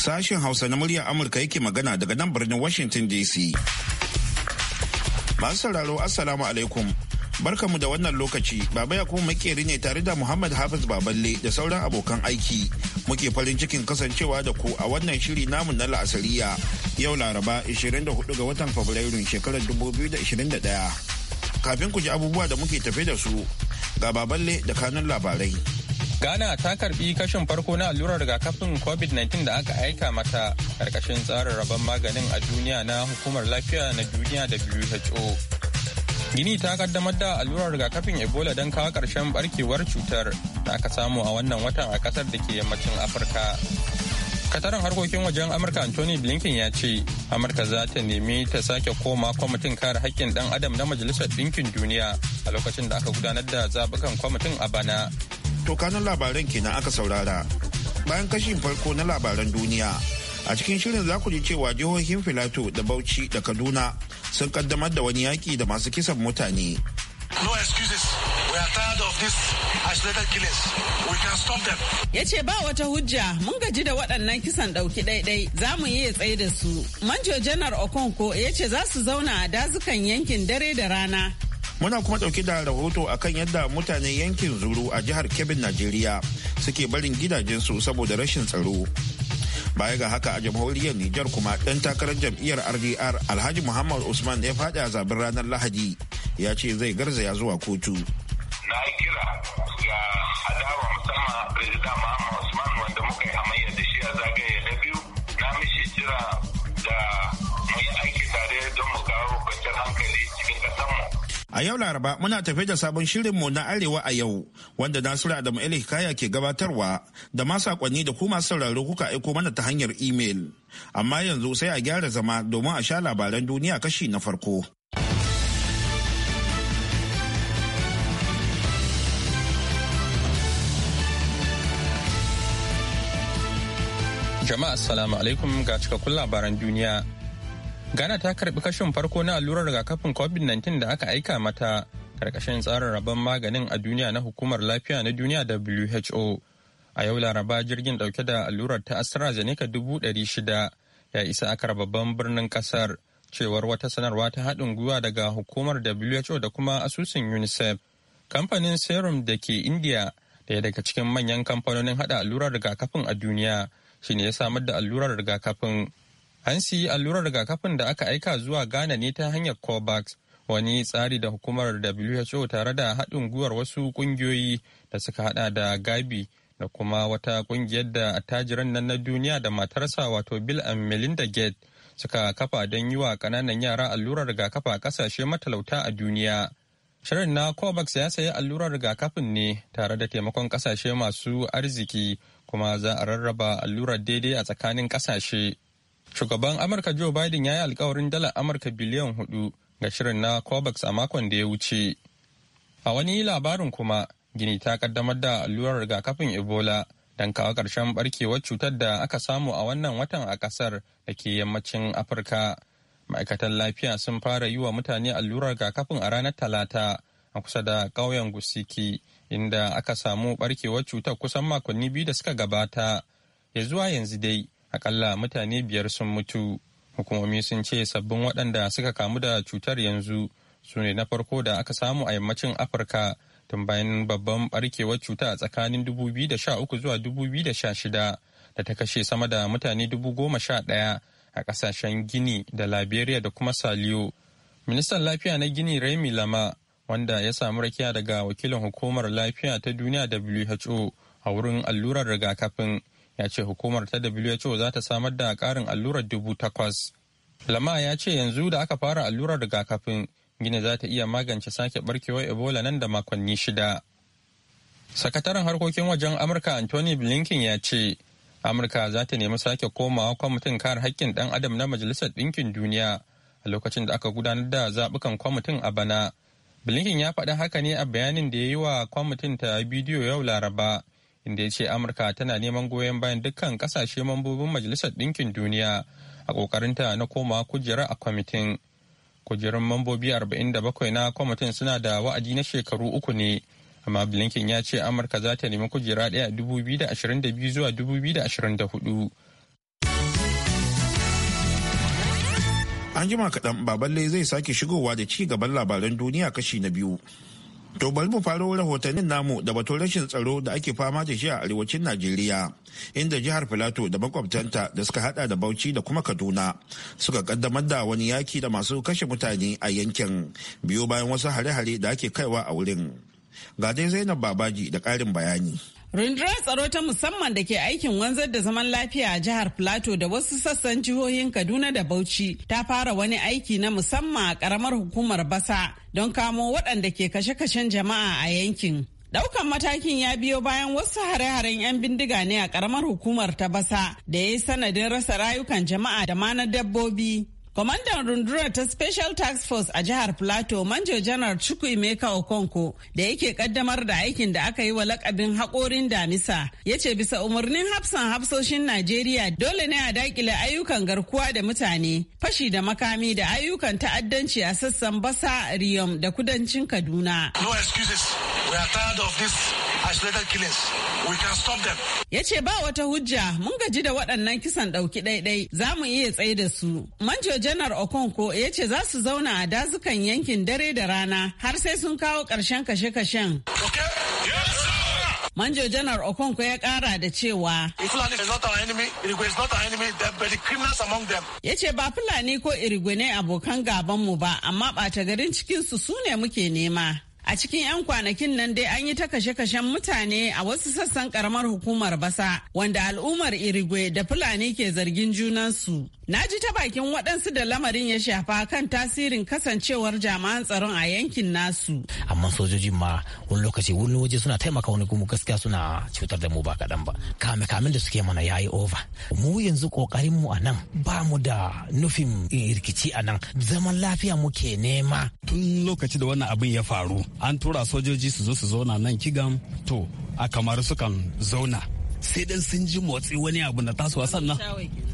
Sashen Hausa na muryar Amurka yake magana daga nan birnin Washington DC. Masu sauraro Assalamu alaikum. Barka mu da wannan lokaci, Baba Yakubu makeri ne tare da Muhammad Hafiz Baballe da sauran abokan aiki. Muke farin cikin kasancewa da ku a wannan shiri namu na la'asariya yau Laraba 24 ga watan Fabrairu, shekarar 2021. Kafin ku ji abubuwa da muke tafe da su, ga Baballe da kanun labarai. Ghana ta karbi kashin farko na allurar rigakafin COVID-19 da aka aika mata karkashin tsarin rabon maganin a duniya na hukumar lafiya na duniya WHO. Gini ta kaddamar da allurar rigakafin Ebola don kawo karshen barkewar cutar da aka samu a wannan watan a kasar da ke yammacin Afirka. Kataran harkokin wajen Amurka Anthony Blinken ya ce, Amurka za ta nemi ta sake koma kwamitin kare haƙƙin ɗan adam na Majalisar Ɗinkin Duniya a lokacin da aka gudanar da zabukan kwamitin a bana. To labaran kenan aka saurara. Bayan kashin farko na labaran duniya, a cikin shirin za ku ji cewa jihohin Filato da Bauchi da Kaduna sun kaddamar da wani yaki da masu kisan mutane. No excuses. We are tired of this isolated killings. We can stop them. Ya ba wata hujja mun gaji da waɗannan kisan ɗauki ɗaiɗai za mu iya tsaye da su. Manjo Janar Okonko ya ce za su zauna a dazukan yankin dare da rana Muna kuma ɗauke da rahoto akan yadda mutanen yankin Zuru a jihar Kebbi, Najeriya suke barin gidajensu saboda rashin tsaro. Baya ga haka a jamhuriyar Nijar kuma ɗan takarar jam'iyyar RDR Alhaji Muhammad Usman da ya faɗi a zaben ranar Lahadi ya ce zai garzaya zuwa kotu. Na kira ga A yau Laraba muna tafe da sabon shirinmu na Arewa a yau wanda Nasiru Adamu El Hikaya ke gabatarwa da ma sakonni da kuma sauraro kuka aiko mana ta hanyar imel. Amma yanzu sai a gyara zama domin a sha labaran duniya kashi na farko. Jama'a assalamu alaikum ga cikakkun labaran duniya. Ghana ta karbi kashin farko na allurar rigakafin COVID-19 da aka aika mata karkashin tsarin rabon maganin a duniya na hukumar lafiya na duniya WHO. A yau Laraba jirgin dauke da allurar ta AstraZeneca dubu ɗari shida ya isa akar babban birnin kasar cewar wata sanarwa ta haɗin gwiwa daga hukumar WHO da kuma asusun UNICEF. Kamfanin Serum da ke India daya daga cikin manyan kamfanonin haɗa allurar rigakafin a duniya shine ya samar da allurar rigakafin An siyi allurar rigakafin da aka aika zuwa Ghana ne ta hanyar COVAX, wani tsari da hukumar WHO tare da haɗin gwiwar wasu ƙungiyoyi da suka haɗa da Gabi da kuma wata ƙungiyar da attajiran nan na duniya da matarsa wato Bill and Melinda Gates suka kafa don yi wa ƙananan yara allurar rigakafi a ƙasashe matalauta a duniya. Shirin na COVAX ya sayi allurar rigakafin ne tare da taimakon ƙasashe masu arziki kuma za a rarraba allurar daidai a tsakanin ƙasashe. Shugaban Amurka Joe Biden ya yi alkawarin dalar Amurka biliyan hudu ga shirin na COVAX a makon da ya wuce. A wani labarin kuma, Gini ta kaddamar da allurar rigakafin Ebola don kawo ƙarshen barkewar cutar da aka samu a wannan watan a ƙasar da ke yammacin Afirka. Ma'aikatan lafiya sun fara yi wa mutane allurar rigakafin a ranar Talata a kusa da ƙauyen Gusiki, inda aka samu barkewar cutar kusan makonni biyu da suka gabata. Ya zuwa yanzu dai, akalla mutane biyar sun mutu hukumomi sun ce sabbin waɗanda suka kamu da cutar yanzu su ne na farko da aka samu a yammacin afirka tun bayan babban barkewar cuta a tsakanin 2013 zuwa 2016 da ta kashe sama da mutane 11,000 a kasashen gini da liberia da kuma saliyo ministan lafiya na gini remi lama wanda ya samu rakiya daga wakilin hukumar lafiya ta duniya who a wurin allurar rigakafin ya ce hukumar ta WHO za ta samar da karin allurar dubu takwas. Lama ya ce yanzu da aka fara allurar rigakafin Gini za ta iya magance sake barkewar Ebola nan da makonni shida. Sakataren harkokin wajen Amurka Anthony Blinken ya ce, Amurka za ta nemi sake komawa kwamitin kare hakkin ɗan adam na Majalisar Ɗinkin Duniya a lokacin da aka gudanar da zaɓukan kwamitin a bana. Blinken ya faɗi haka ne a bayanin da ya yi wa kwamitin ta bidiyo yau Laraba inda ya ce amurka tana neman goyon bayan dukkan kasashe mambobin majalisar ɗinkin duniya a ƙoƙarinta na koma kujera a kwamitin kujerun mambobi 47 na kwamitin suna da wa'adi na shekaru uku ne amma blinken ya ce amurka za ta nemi kujera ɗaya a 2022 zuwa 2024 an jima kaɗan baballe zai sake shigowa da ci gaban labaran duniya kashi na biyu To bari mu faro rahotannin namu da batun rashin tsaro da ake fama da shi a arewacin Najeriya, inda jihar Filato da makwabtanta da suka hada da Bauchi da kuma Kaduna suka kaddamar da wani yaki da masu kashe mutane a yankin biyo bayan wasu hare-hare da ake kaiwa a wurin. Ga dai Zainab Babaji da ƙarin bayani. Rundunar tsaro ta musamman da ke aikin wanzar da zaman lafiya a jihar Plateau da wasu sassan jihohin Kaduna da Bauchi ta fara wani aiki na musamman a karamar hukumar Basa don kamo waɗanda ke kashe-kashen jama'a a yankin. Daukan matakin ya biyo bayan wasu hare-haren 'yan bindiga ne a karamar hukumar ta Basa da ya yi sanadin rasa rayukan jama'a da ma na dabbobi. Kwamandan rundunar ta Special Task Force a jihar Plateau, Manjo Janar Chukwuemeka Okonko, da yake kaddamar da aikin da aka yi wa lakabin haƙorin damisa, ya ce bisa umarnin hafsan hafsoshin Najeriya dole ne a dakile ayyukan garkuwa da mutane, fashi da makami da ayyukan ta'addanci a sassan Basa, Riyom da kudancin Kaduna. No excuses. We are tired of this isolated killings. We can stop them. Ya ce ba wata hujja mun gaji da waɗannan kisan ɗauki ɗaiɗai za mu iya tsaye da su. Manjo janar okonko ya ce za su zauna a dazukan yankin dare da rana har sai sun kawo ƙarshen kashe-kashen Manjo Janar okonko ya kara da cewa Ya ce ba Fulani ko Irigwe ne abokan gabanmu ba, amma bata garin cikinsu su ne muke nema. A cikin 'yan kwanakin nan dai an yi ta kashe-kashen mutane a wasu sassan karamar hukumar basa wanda al'ummar Irigwe da Fulani ke zargin junansu. Na ji ta bakin waɗansu da lamarin ya shafa kan tasirin kasancewar jama'an tsaron a yankin nasu. Amma sojoji ma wani lokaci wani waje suna taimaka wani kuma gaskiya suna cutar da mu ba kaɗan ba. Kame kamin da suke mana yayi over. Mu yanzu ƙoƙarin mu a nan ba mu da nufin rikici a nan zaman lafiya muke nema. Tun lokaci da wannan abin ya faru an tura sojoji su zo su zauna nan kigan to a kamar sukan zauna. sai dan sun ji motsi wani abu na tasowa sannan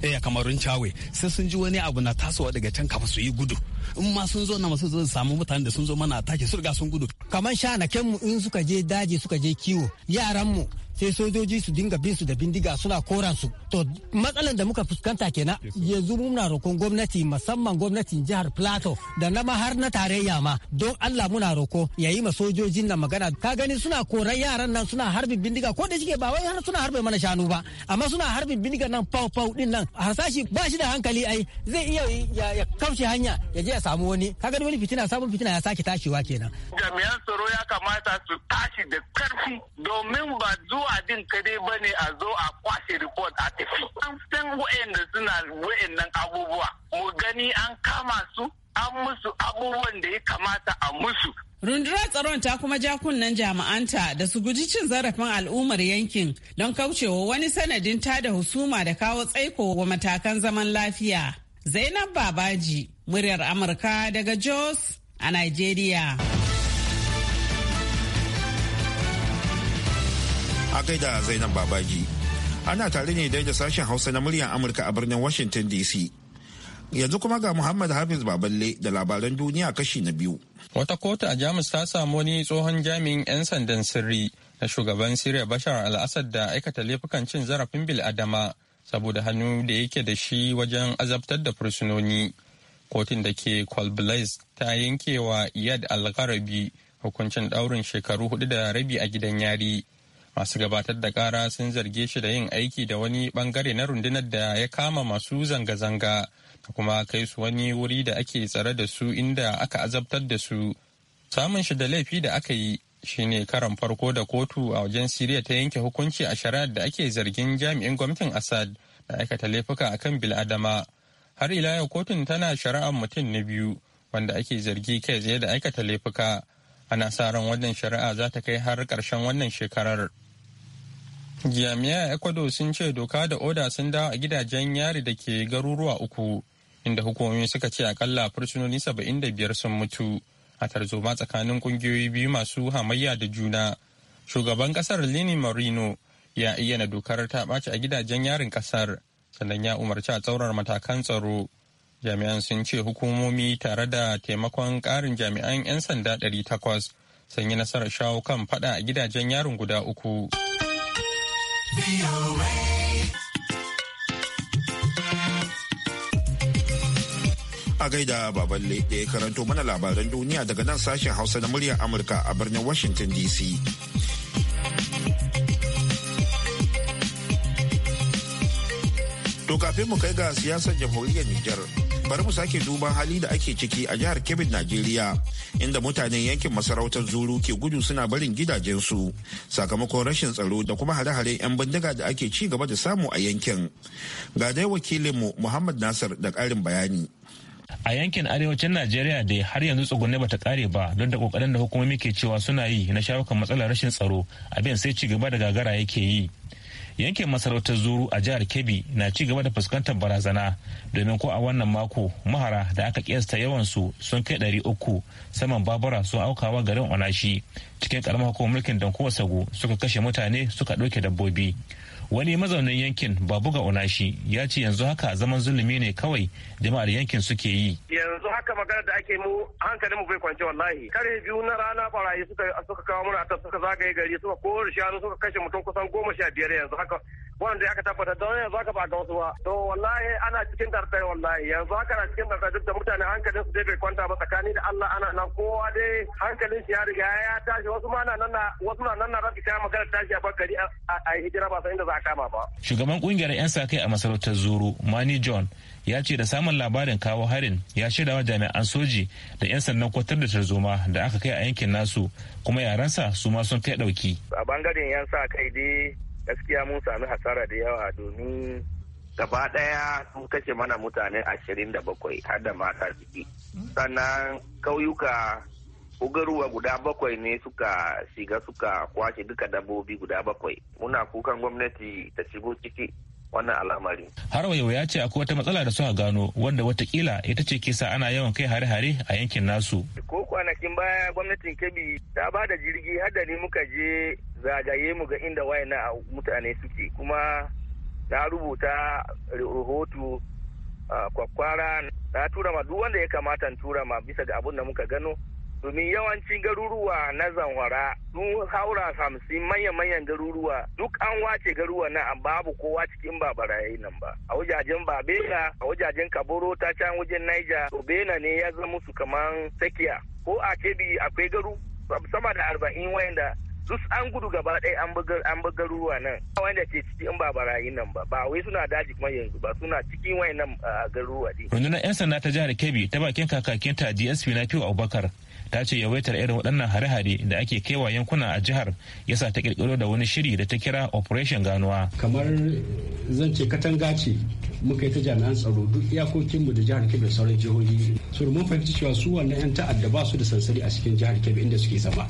eh kamarun cawe sai sun ji wani abu na tasowa daga can kafa su yi gudu in ma sun zo na masu zo samu mutane da sun zo mana take su riga sun gudu kamar na mu in suka je daji suka je kiwo yaran mu sai sojoji su dinga bin su da bindiga suna koran su to matsalan da muka fuskanta kenan yanzu muna roƙon gwamnati musamman gwamnatin jihar plateau da na har na tarayya ma don allah muna roko ya yi ma sojojin nan magana ka gani suna koran yaran nan suna harbin bindiga ko da shike ba wai har suna harbe mana shanu ba amma suna harbin bindiga nan pau pau din nan harsashi ba shi da hankali ai zai iya ya kaushe hanya ya je ya samu wani ka gani wani fitina sabon fitina ya sake tashiwa kenan jami'an tsaro ya kamata su tashi da karfi domin ba zuwa abin kadai ba ne a zo a kwashe report a tafi an san wa'anda suna wa'annan abubuwa mu gani an kama su an musu abubuwan da ya kamata a musu Rundunar tsaron ta kuma ja kunnen jami'anta da su guji cin zarafin al'ummar yankin don kaucewa wani sanadin ta da husuma da kawo tsaiko wa matakan zaman lafiya. Zainab Babaji, muryar Amurka daga Jos a Nigeria. a gaida zainab babaji ana tare ne dai da sashen hausa na muryar amurka a birnin washington dc yanzu kuma ga muhammad hafiz baballe da labaran duniya kashi na biyu wata kotu a jamus ta samu wani tsohon jami'in 'yan sandan sirri na shugaban siriya bashar al-assad da aikata laifukan cin zarafin bil'adama saboda hannu da yake da shi wajen azabtar da fursunoni kotun da ke kwalblaiz ta yankewa wa iyad al-gharabi hukuncin daurin shekaru hudu da rabi a gidan yari masu gabatar da kara sun zarge shi da yin aiki da wani bangare na rundunar da ya kama masu zanga-zanga da kuma kai su wani wuri da ake tsare da su inda aka azabtar da su samun shi da laifi da aka yi shine karan farko da kotu a wajen siriya ta yanke hukunci a shari'ar da ake zargin jami'in gwamnatin assad da aikata laifuka akan bil'adama har ila yau kotun tana shari'ar mutum na biyu wanda ake zargi kai tsaye da aikata laifuka ana sa ran wannan shari'a za ta kai har karshen wannan shekarar jami'a ecuador sun ce doka da oda sun dawo a gidajen yari da ke garuruwa uku inda hukumomi suka ce akalla fursunoni saba'in da biyar sun mutu a tarzoma tsakanin kungiyoyi biyu masu hamayya da juna shugaban kasar lini marino ya ayyana dokar ta ɓace a gidajen yarin kasar sannan ya umarci a tsaurar matakan tsaro jami'an sun ce hukumomi tare da taimakon ƙarin jami'an 'yan sanda 800 sun yi nasarar shawo kan fada a gidajen yarin guda uku. A gaida baballe da karanto mana labaran duniya daga nan sashen Hausa na muryar Amurka a birnin Washington DC. To kafin mu kai ga siyasar jamhuriyar Nijar, bari mu sake duban hali da ake ciki a jihar Kebbi, Najeriya, inda mutanen yankin masarautar zuru ke gudu suna barin gidajensu sakamakon rashin tsaro da kuma hare-hare 'yan bindiga da ake ci gaba da samu a yankin ga dai wakilinmu muhammad nasir da karin bayani a yankin arewacin najeriya da har yanzu tsugunne bata kare ba don da kokarin da hukumomi ke cewa suna yi na shawo kan matsalar rashin tsaro abin sai ci gaba da gagara yake yi yankin masarautar zuru a jihar kebbi na ci gaba da fuskantar barazana domin ko a wannan mako mahara da aka kiyasta yawansu sun kai ɗari uku saman babura sun aukawa garin onashi cikin karamar hukumar mulkin dankowa sagu suka kashe mutane suka ɗauke dabbobi wani mazaunin yankin babuga onashi ya ce yanzu haka zaman zulumi ne kawai jama'ar yankin suke yi. Yanzu haka magana da ake mu hankali mu bai kwance wallahi. Kare biyu na rana barayi suka suka kawo mana atas suka zagaye gari suka kore shanu suka kashe mutum kusan goma sha biyar yanzu haka da aka tabbata don yanzu haka ba ga wasu ba. To wallahi ana cikin tartar wallahi yanzu haka na cikin tartar duk da mutane hankalin su bai kwanta ba tsakani da Allah ana nan kowa dai hankalin shi ya riga ya tashi wasu ma na nan na wasu na nan na rafi ta magana tashi a bakari a hijira ba san inda za a kama ba. Shugaban kungiyar 'yan sa kai a masarautar Zuru Mani John ya ce da samun labarin kawo harin ya shirya wa jami'an soji da 'yan sannan kwatar da tarzoma da aka kai a yankin nasu kuma yaransa su ma sun kai dauki. a bangaren yan sa kai dai gaskiya mun sami hasara da yawa domin gaba daya sun kashe mana mutane ashirin da bakwai har da mata ciki sannan kauyuka ugaruwa guda bakwai ne suka shiga suka kwashe duka dabbobi guda bakwai muna kukan gwamnati ta shigo ciki wannan al'amari. Har yau ya ce akwai wata matsala da suka gano wanda watakila ita ce ke ana yawan kai hare-hare a yankin nasu. Ko kwanakin baya gwamnatin Kebbi ta ba da jirgi har da muka je zagaye mu ga inda wayana mutane suke kuma na rubuta rahoto kwakwara na tura ma duk wanda ya kamata tura ma bisa ga abun da muka gano domin yawancin garuruwa na zanwara sun haura hamsin manya-manyan garuruwa duk an wace garuruwa na babu kowa cikin ba nan ba a wajajen babela a wajajen kaboro ta can wajen naija bena ne ya zama musu kaman tsakiya ko a kebi akwai garu sama da arba'in wayanda duk an gudu gaba ɗaya an bi garuruwa nan wanda ke ciki in ba nan ba ba wai suna daji kuma yanzu ba suna cikin wayan nan ah, garuruwa din rundunar yan sanda ta jihar kebbi ta bakin ta dsp na fiyo abubakar ta ce yawaitar irin waɗannan hare-hare da ake kaiwa yankuna a jihar yasa ta kirkiro da wani shiri da ta kira operation ganuwa kamar zan ce katanga ce muka yi ta jami'an tsaro duk iyakokinmu da jihar kebe sauran jihohi su mun fahimci cewa su wannan 'yan ta'adda ba su da sansani a cikin jihar kebe inda suke zama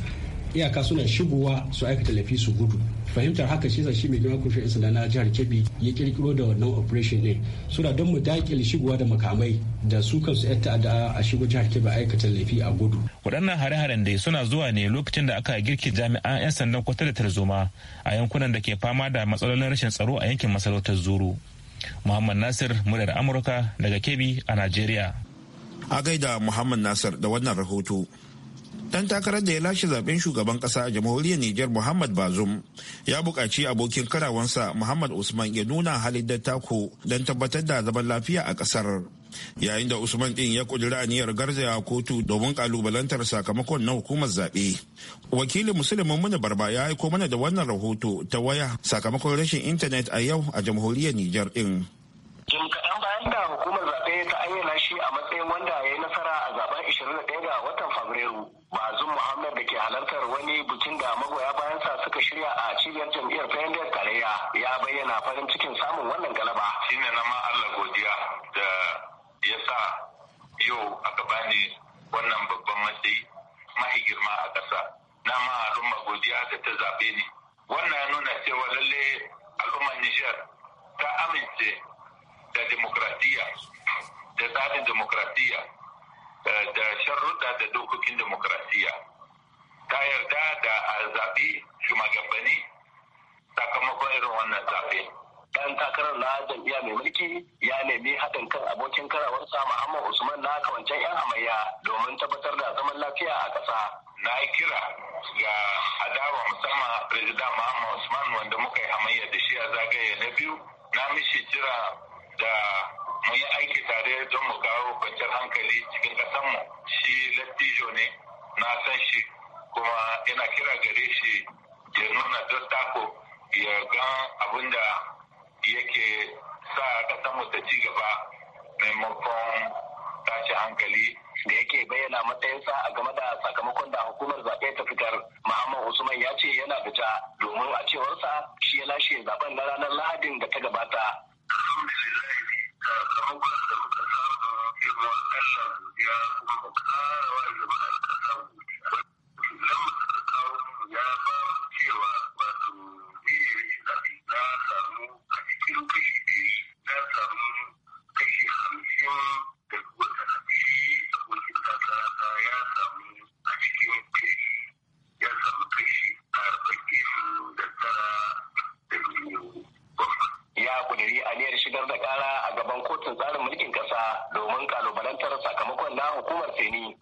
iyaka suna shigowa su aikata laifi su gudu fahimtar haka shi shi mai girma kushin isa na jihar kebbi ya kirkiro da wannan operation din suna don mu dakile shigowa da makamai da su kansu yan ta'adda a shigo jihar kebbi aikata laifi a gudu waɗannan hare-haren dai suna zuwa ne lokacin da aka girki jami'an 'yan sandan kwata da tarzoma a yankunan da ke fama da matsalolin rashin tsaro a yankin masarautar zuru muhammad nasir muryar amurka daga kebbi a najeriya a gaida muhammad nasir da wannan rahoto dan takarar da ya lashe zaben shugaban kasa a jamhuriyar Nijar Muhammad Bazum ya buƙaci abokin karawansa Muhammad Usman ya nuna halin dattako don tabbatar da zaman lafiya a ƙasar. Yayin da Usman ɗin ya ƙudiri aniyar garzaya kotu domin kalubalantar sakamakon na hukumar zaɓe. Wakilin Musulmin mana Barba ya aiko mana da wannan rahoto ta waya sakamakon rashin intanet a yau a jamhuriyar Nijar ɗin. Jim bayan da hukumar bazum muhammad da ke halartar wani bikin da magoya bayansa suka shirya a cibiyar jam'iyyar pnds tarayya ya bayyana farin cikin samun wannan galaba shine na ma allah godiya da ya sa yau aka bani wannan babban matsayi mahi girma a ƙasa na ma al'umma godiya da ta zaɓe ni wannan ya nuna cewa lalle al'ummar niger ta amince da demokratiya da tsarin demokratiya da sharruɗa da dokokin demokrasiya ta yarda da zaɓe shugabanni sakamakon irin wannan zaɓe. Ɗan takarar na jam'iyya mai mulki ya nemi haɗin kan abokin karawarsa Muhammad Usman na kawancen 'yan hamayya domin tabbatar da zaman lafiya a ƙasa. Na yi kira ga adawa musamman Firjidan Muhammad Usman wanda muka yi hamayya da shi a zagaye na biyu na mishi jira da mu yi aiki tare don mu kawo kwanciyar hankali cikin ƙasanmu shi lattijo ne na san shi kuma ina kira gare shi ya nuna dattako ya gan abin da yake sa ƙasanmu ta ci gaba maimakon tashi hankali da yake bayyana matsayinsa a game da sakamakon da hukumar zaɓe ta fitar Muhammad Usman ya ce yana fita domin a cewarsa shi ya lashe zaben na ranar Lahadin da ta gabata. ya ba cewa wato ne ya shi daɗi na ban sakamakon na hukumar seni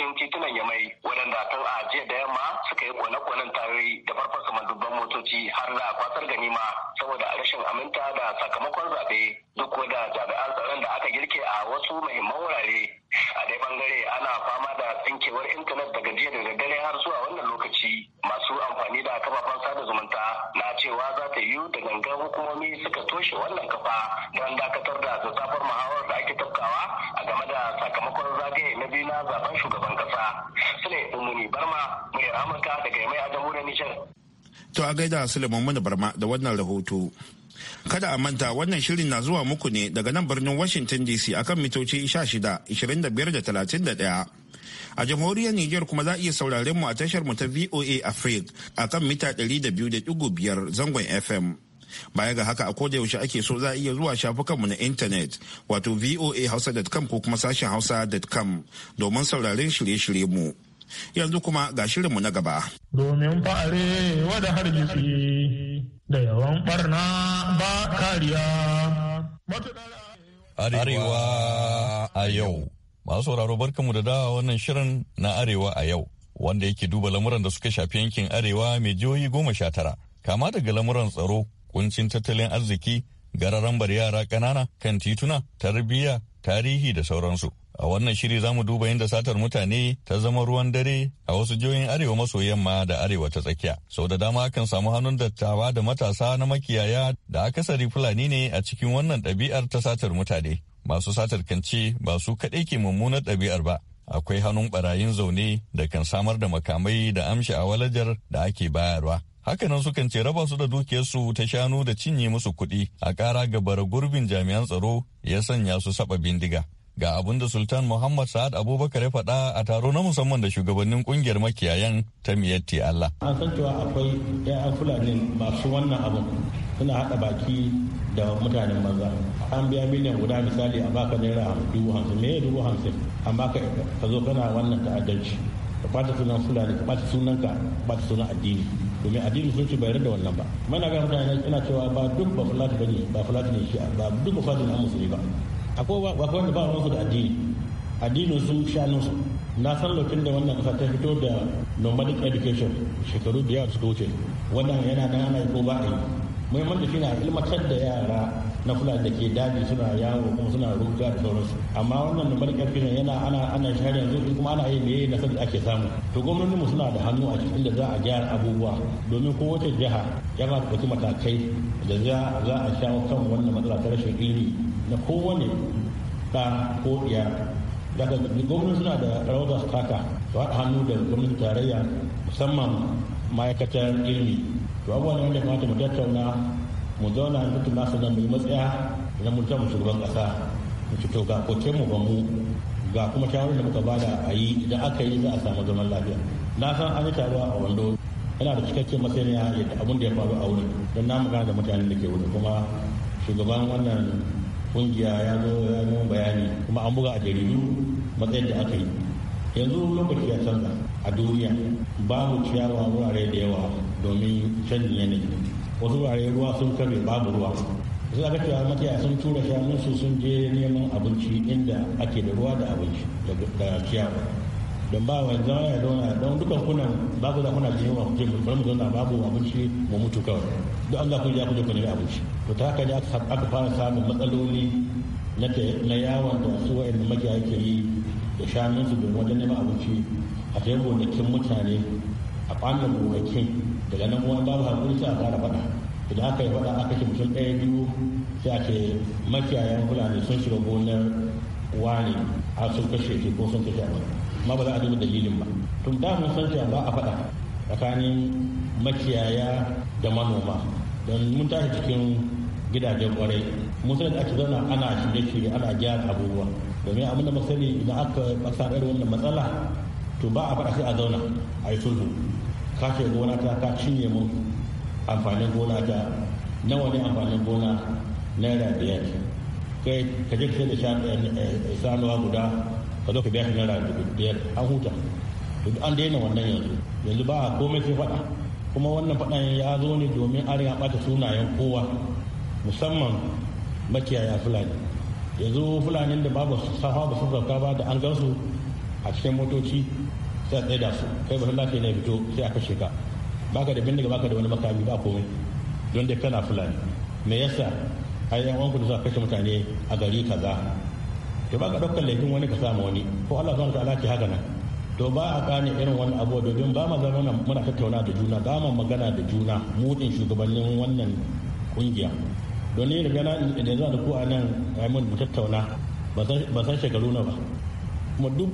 cikin titunan yamai waɗanda tun a jiya da yamma suka yi kone-konen tayoyi da farfasa madubban motoci har da kwasar ganima saboda rashin aminta da sakamakon zaɓe duk da jami'an tsaron da aka girke a wasu muhimman wurare a dai bangare ana fama da tsinkewar intanet daga jiya da daddare har zuwa wannan lokaci toshe wannan kafa don dakatar da zazzafar muhawarar da ake tafkawa a game da sakamakon zagaye na biyu na zaben shugaban kasa ne umuni barma mai amurka daga mai adamu na nijar to a gaida suleiman muni barma da wannan rahoto Kada a manta wannan shirin na zuwa muku ne daga nan birnin Washington DC akan mitoci 16, 25 31. A jamhuriyar Nijar kuma za a iya sauraren mu a tashar mu ta VOA Africa akan mita 200.5 zangon FM. baya ga haka a koda yaushe ake so za a iya zuwa shafukanmu na intanet wato voahausa.com ko kuma sashen hausa.com domin sauraren shirye-shirye mu yanzu kuma ga shirinmu na gaba domin fa'are wada hargitsi da yawan barna ba kariya arewa a yau masu sauraro barkamu da dawa wannan shirin na arewa a yau wanda yake duba lamuran da suka shafi yankin arewa mai jihohi goma sha tara kama daga lamuran tsaro kuncin tattalin arziki gararambar yara ƙanana kan tituna tarbiyya tarihi da sauransu a wannan shiri za mu duba yadda satar mutane ta zama ruwan dare a wasu jihohin arewa maso yamma da arewa ta tsakiya sau da dama akan samu hannun dattawa da matasa na makiyaya da akasari fulani ne a cikin wannan ɗabi'ar ta satar mutane masu satar kan ce ba su kaɗai ke mummunar ɗabi'ar ba akwai hannun barayin zaune da kan samar da makamai da amshi a walajar da ake bayarwa hakanan sukan ce raba su da dukiyarsu ta shanu da cinye musu kuɗi a ƙara ga bara gurbin jami'an tsaro ya sanya su saba bindiga ga abin da sultan muhammad sa'ad abubakar ya faɗa a taro na musamman da shugabannin kungiyar makiyayan ta miyatti allah an san cewa akwai 'ya'yan fulani masu wannan abin suna haɗa baki da mutanen maza an biya miliyan guda misali a baka naira dubu hamsin me dubu hamsin amma ka zo kana wannan ta'addanci ka ɓata sunan fulani ka ɓata sunanka ka ɓata sunan addini domin addini sun ce bai da wannan ba mana ga mutane ina cewa ba duk ba fulani bane ba fulani ne shi'a ba duk ba fulani ne musulmi ba akwai ba wanda ba wani da addini addinin su shanun su na san lokacin da wannan kasa ta fito da nomadic education shekaru biyar suka wuce wannan yana nan ana yi ko ba a yi muhimman da shine a ilmatar da yara na kula da ke daji suna yawo kuma suna ruga da sauransu amma wannan da barkar yana ana ana shahar yanzu kuma ana yi meye na da ake samu to gwamnati mu suna da hannu a cikin da za a gyara abubuwa domin kowace jiha ya ba ta matakai da za a shawo kan wannan matsala ta rashin ilimi na kowane ta ko iya daga gwamnati suna da rawar da su taka su haɗa hannu da gwamnati tarayya musamman ma'aikatar ilimi to abubuwan da wanda kamata mu tattauna mu zauna mu tattauna su mu matsaya idan mun tamu shugaban kasa mu ci to ga koken mu ba ga kuma shawarar da muka bada a yi idan aka yi za a samu zaman lafiya na san an yi taruwa a wando yana da cikakken masaniya yadda abun da ya faru a wurin don na magana da mutanen da ke wurin kuma shugaban wannan kungiya ya zo ya nuna bayani kuma an buga a jaridu matsayin da aka yi yanzu lokaci ya canza a duniya babu ciyawa wurare da yawa domin canjin yanayi wasu wurare ruwa sun kabe babu ruwa sai aka cewa makiyaya sun tura shanunsu sun je neman abinci inda ake da ruwa da abinci da ciyawa don ba wa zama ya zauna don dukan kuna ba ku da kuna jin yawa kuje bari mu zauna babu abinci mu mutu kawai duk Allah kun ja kuje ku nemi abinci to ta haka ne aka fara samun matsaloli na yawon da su wa'annan makiyaya yake yi da shanunsu domin wajen neman abinci a da kin mutane a kwanan gonakin daga nan wani babu hakuri sai a fara faɗa idan aka yi faɗa aka ce mutum ɗaya biyu sai a ce makiyayen fulani sun shiga gonar wani a sun kashe shi ko sun kashe wani ma ba za a duba dalilin ba tun da mun san cewa ba a faɗa tsakanin makiyaya da manoma don mun tashi cikin gidajen kwarai mun san da ake zauna ana shirye-shirye ana gyara abubuwa domin abin da masani idan aka fasarar wannan matsala to ba a faɗa sai a zauna a yi sulhu ka ce gona ta ka cinye mu amfanin gona ta nawa ne amfanin gona naira biyar kai ka je ka da eh, sanuwa guda ka zo ka biya shi naira biyar an huta duk an daina wannan yanzu yanzu ba a komai sai faɗa kuma wannan faɗan ya zo ne domin an riga ɓata sunayen kowa musamman makiyaya fulani yanzu fulanin da babu safa ba su zauka ba da an gansu a cikin motoci sai a tsaye da su kai ba ne fito sai a kashe ka baka da bindiga baka da wani makami ba komai don dai kana fulani me yasa ai yan wanku da suka kashe mutane a gari kaza to baka daukar laifin wani ka samu wani ko Allah subhanahu ta'ala ke haka nan to ba a kani irin wani abu domin ba ma zama muna tattauna da juna ba ma magana da juna mudin shugabannin wannan kungiya don ni da gana da zuwa ku a nan ai mun tattauna ba san shekaru na ba kuma duk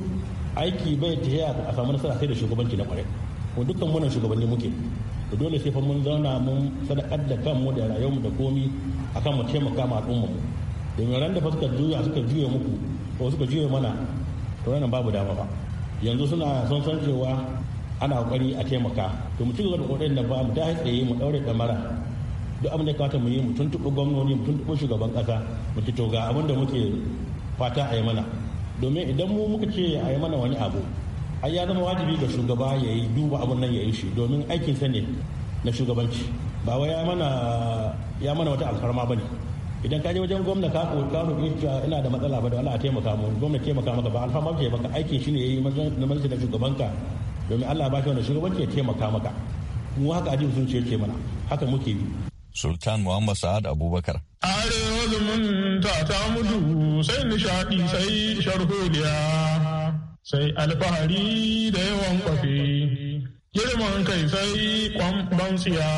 aiki bai ta a samu nasara sai da shugabanci na kwarai ko dukkan munan shugabanni muke to dole sai fa mun zauna mun sadakar da kanmu da rayuwarmu da komi akan mu taimaka ma al'umma mu domin ran da fa suka juya suka juya muku ko suka juya mana to wannan babu dama ba yanzu suna son san cewa ana kokari a taimaka to mu cigaba da kokarin da ba mu da tsaye mu daure damara duk abin da ya kamata mu yi mu tuntuɓi gwamnoni mu tuntuɓi shugaban ƙasa mu ci toga abin da muke fata a yi mana domin idan mu muka ce a yi mana wani abu ai ya zama wajibi ga shugaba ya yi duba abun nan ya yi shi domin aikinsa ne na shugabanci ba wai ya mana ya mana wata alfarma ba ne idan ka je wajen gwamna ka ko ka roƙi ina da matsala ba da Allah a taimaka mu gwamna taimaka maka ba alfarma ce baka aikin shi ne ya yi na mulki da shugabanka domin Allah ba shi wannan shugabanci ya taimaka maka mu haka ajin sun ce mana haka muke yi Sultan Muhammad Sa'ad Abubakar. Arewa zumunta ta mutu sai nishaɗi sai sharholiya sai alfahari da yawan kwafi girman kai sai kwamban siya.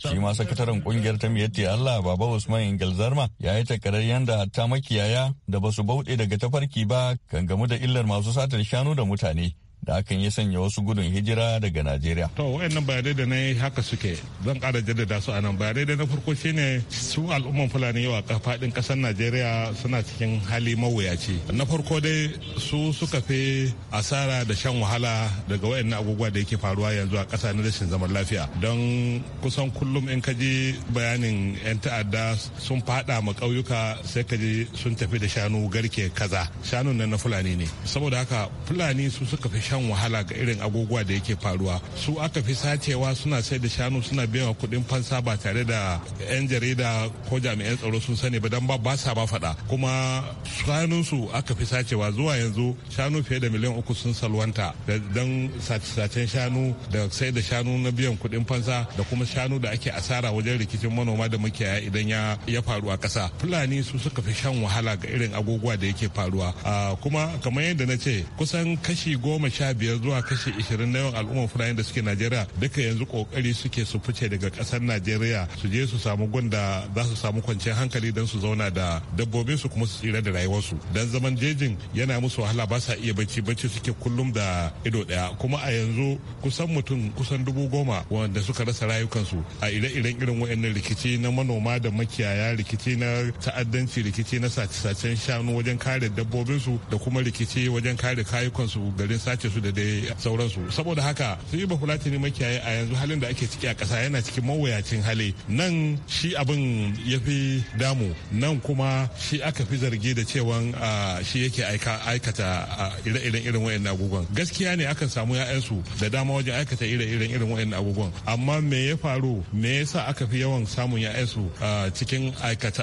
Shi ma sakataren kungiyar ta miyatti Allah Baba Usman Ingil Zarma ya yi takarar yanda ta makiyaya da ba su bauɗe daga tafarki ba kan gamu da illar masu satar shanu da mutane da hakan ya sanya wasu gudun hijira daga Najeriya. To wayannan bayanai da na yi haka suke zan kara jaddada su anan bayanai da na farko shine su al'umman Fulani yawa faɗin ƙasar Najeriya suna cikin hali mawuyaci. Na farko dai su suka fi asara da shan wahala daga wayannan abubuwa da yake faruwa yanzu a ƙasa na rashin zaman lafiya. Don kusan kullum in ka ji bayanin 'yan ta'adda sun faɗa ma ƙauyuka sai ka ji sun tafi da shanu garke kaza. Shanun nan na Fulani ne. Saboda haka Fulani su suka fi shan wahala ga irin agogowa da yake faruwa su aka fi sacewa suna sai da shanu suna biyan kuɗin fansa ba tare da 'yan jarida ko jami'an tsaro sun sani ba don ba ba sa ba faɗa kuma shanunsu aka fi sacewa zuwa yanzu shanu fiye da miliyan uku sun salwanta don sace-sacen shanu da sai da shanu na biyan kuɗin fansa da kuma shanu da ake asara wajen rikicin manoma da makiyaya idan ya ya faru a ƙasa fulani su suka fi shan wahala ga irin agogowa da yake faruwa ah, kuma kamar yadda na ce kusan kashi goma sha biyar zuwa kashi ishirin na yawan al'umman fulani da suke najeriya duka yanzu kokari suke su fice daga kasar najeriya su je su samu gunda za su samu kwanciyar hankali don su zauna da dabbobin su kuma su tsira da rayuwarsu dan zaman jejin yana musu wahala ba sa iya bacci bacci suke kullum da ido daya kuma a yanzu kusan mutum kusan dubu goma wanda suka rasa rayukansu a ire-iren irin wayannan rikici na manoma da makiyaya rikici na ta'addanci rikici na sace-sacen shanu wajen kare dabbobinsu da kuma rikici wajen kare kayukansu garin sace su da dai sauransu saboda haka su yi ne makiyaye a yanzu halin da ake ciki a ƙasa yana cikin mawuyacin hali nan shi abin ya fi damu nan kuma shi aka fi zargi da cewan shi yake aikata ire-iren irin wayan agogon gaskiya ne akan samu ya'yansu da dama wajen aikata ire-iren irin wayan agogon amma me ya faru me yasa aka fi yawan samun ya'yansu cikin aikata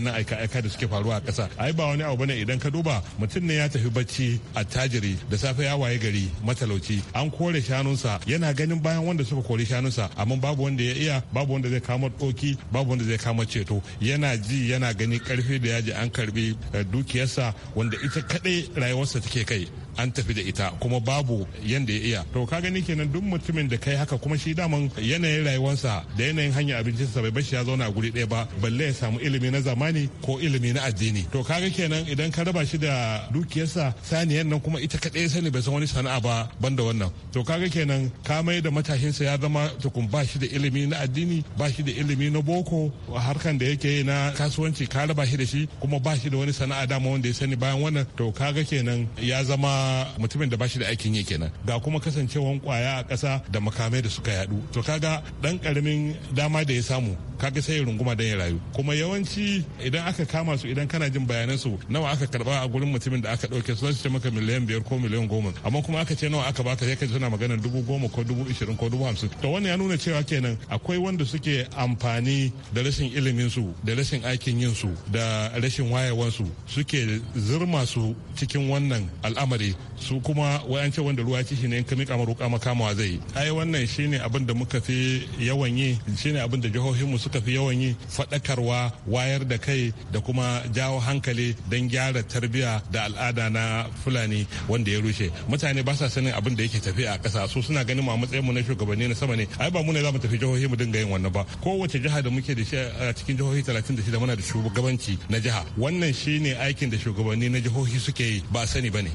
na aika-aika da suke faruwa a ƙasa ai ba wani abu bane idan ka duba mutum ne ya tafi bacci a tajiri da safe ya waye gari matalauci an kore shanunsa yana ganin bayan wanda suka kore shanunsa amma babu wanda ya iya babu wanda zai kama doki babu wanda zai kama ceto yana ji yana gani karfi da yaji an karbi eh, dukiyarsa wanda ita kadai rayuwarsa take kai an tafi da ita kuma babu yanda ya iya to ka gani kenan duk mutumin da kai haka kuma shi daman yanayin rayuwarsa da yanayin hanyar abincinsa bai bashi ya zauna a guri ɗaya ba balle ya samu ilimi na zamani ko ilimi na addini to kaga kenan idan ka raba shi da dukiyarsa saniyar nan kuma ita kaɗai sani bai san wani sana'a ba banda wannan to kaga kenan ka mai da matashinsa ya zama tukun ba shi da ilimi na addini ba shi da ilimi na boko harkan da yake na kasuwanci ka raba shi da shi kuma ba shi da wani sana'a dama wanda ya sani bayan wannan to kaga kenan ya zama mutumin da bashi da aikin yi kenan ga kuma kasancewan kwaya a kasa da makamai da suka yadu to kaga dan karamin dama da ya samu kaga sai ya runguma dan ya rayu kuma yawanci idan aka kama su idan kana jin bayanan su nawa aka karba a gurin mutumin da aka dauke su zai ce maka miliyan biyar ko miliyan goma amma kuma aka ce nawa aka baka sai ka suna magana dubu goma ko dubu ishirin ko dubu hamsin to wannan ya nuna cewa kenan akwai wanda suke amfani da rashin ilimin su da rashin aikin yin su da rashin wayawansu suke zurma su cikin wannan al'amari su kuma wayance wanda ruwa ci ne in ka mika roƙa makamawa zai yi ai wannan shine abin da muka fi yawan yi shine abin da jihohinmu suka fi yawan yi faɗakarwa wayar da kai da kuma jawo hankali don gyara tarbiyya da al'ada na fulani wanda ya rushe mutane ba sa sanin abin da yake tafi a ƙasa su suna ganin mu a matsayin mu na shugabanni na sama ne ai ba mu ne za mu tafi jihohi mu dinga yin wannan ba kowace jiha da muke da shi a cikin jihohi 36 muna da shugabanci na jiha wannan shine aikin da shugabanni na jihohi suke yi ba sani bane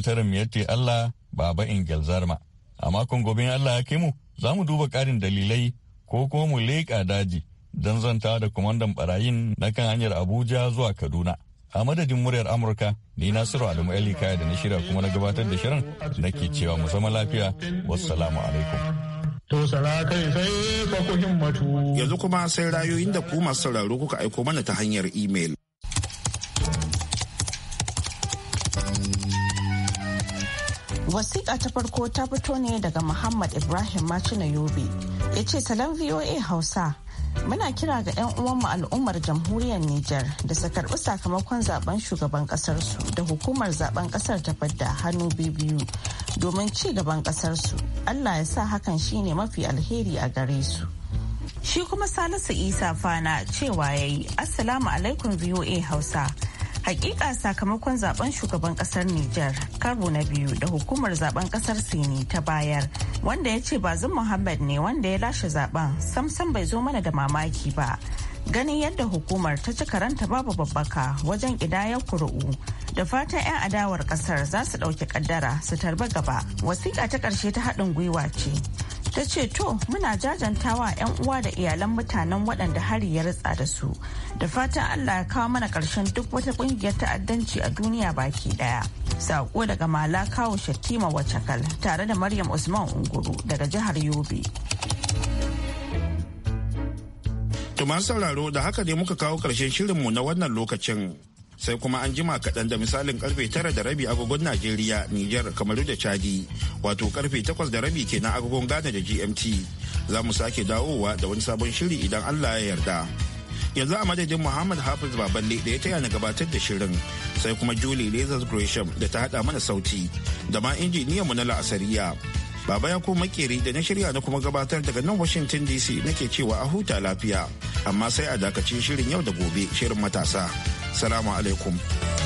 sakataren miyatti Allah Baba Ingel Zarma. A makon gobe Allah ya kai mu za mu duba ƙarin dalilai ko kuma mu leƙa daji don zanta da kwamandan barayin na kan hanyar Abuja zuwa Kaduna. A madadin muryar Amurka, ni Nasiru Adamu Ali Kaya da na shirya kuma na gabatar da shirin nake cewa mu zama lafiya. Wassalamu alaikum. To kai sai Yanzu kuma sai rayoyin da ku masu sauraro kuka aiko mana ta hanyar imel. Wasiƙa ta farko ta fito ne daga Muhammad Ibrahim Macina Yobe. Ya ce salon VOA Hausa. Muna kira ga 'yan uwanmu al'ummar jamhuriyar Nijar da su karɓi sakamakon zaben shugaban ƙasarsu da hukumar zaben ƙasar ta fadda hannu biyu domin ci gaban ƙasarsu. Allah ya sa hakan shine mafi alheri a gare su. Shi kuma Salisu Isa Fana cewa yayi Assalamu alaikum VOA Hausa. hakika sakamakon zaben shugaban kasar Nijar karo na biyu da hukumar zaben kasar Sini ta bayar wanda ya ce bazin Muhammad ne wanda ya lashe zaben samsam bai zo mana da mamaki ba. Ganin yadda hukumar ta ci karanta babu babbaka wajen ƙidayar kuru'u da fatan 'yan adawar kasar za su ɗauki kaddara su tarba gaba wasiƙa ta ƙarshe ta haɗin gwiwa ce. ta ce to muna jajantawa 'yan uwa da iyalan mutanen waɗanda hari ya ratsa da su da fatan allah ya kawo mana ƙarshen duk wata ƙungiyar ta'addanci a duniya baki ɗaya sako daga mala kawo shattima wacakal tare da maryam usman unguru daga jihar yobe to masu sauraro da haka ne muka kawo ƙarshen shirinmu na wannan lokacin sai kuma an jima kaɗan da misalin karfe tara da rabi agogon Najeriya, niger Kamaru da Chadi, wato karfe takwas da rabi kenan agogon Ghana da GMT. Za mu sake dawowa da wani sabon shiri idan Allah ya yarda. Yanzu a madadin Muhammad Hafiz Baballe da ya taya na gabatar da shirin sai kuma Julie Lazarus Gresham da ta haɗa mana sauti da ma mu na la'asariya. Baba ya ko makeri da na shirya na kuma gabatar daga nan Washington DC nake cewa a huta lafiya, amma sai a dakacin shirin yau da gobe shirin matasa. Salamu alaikum.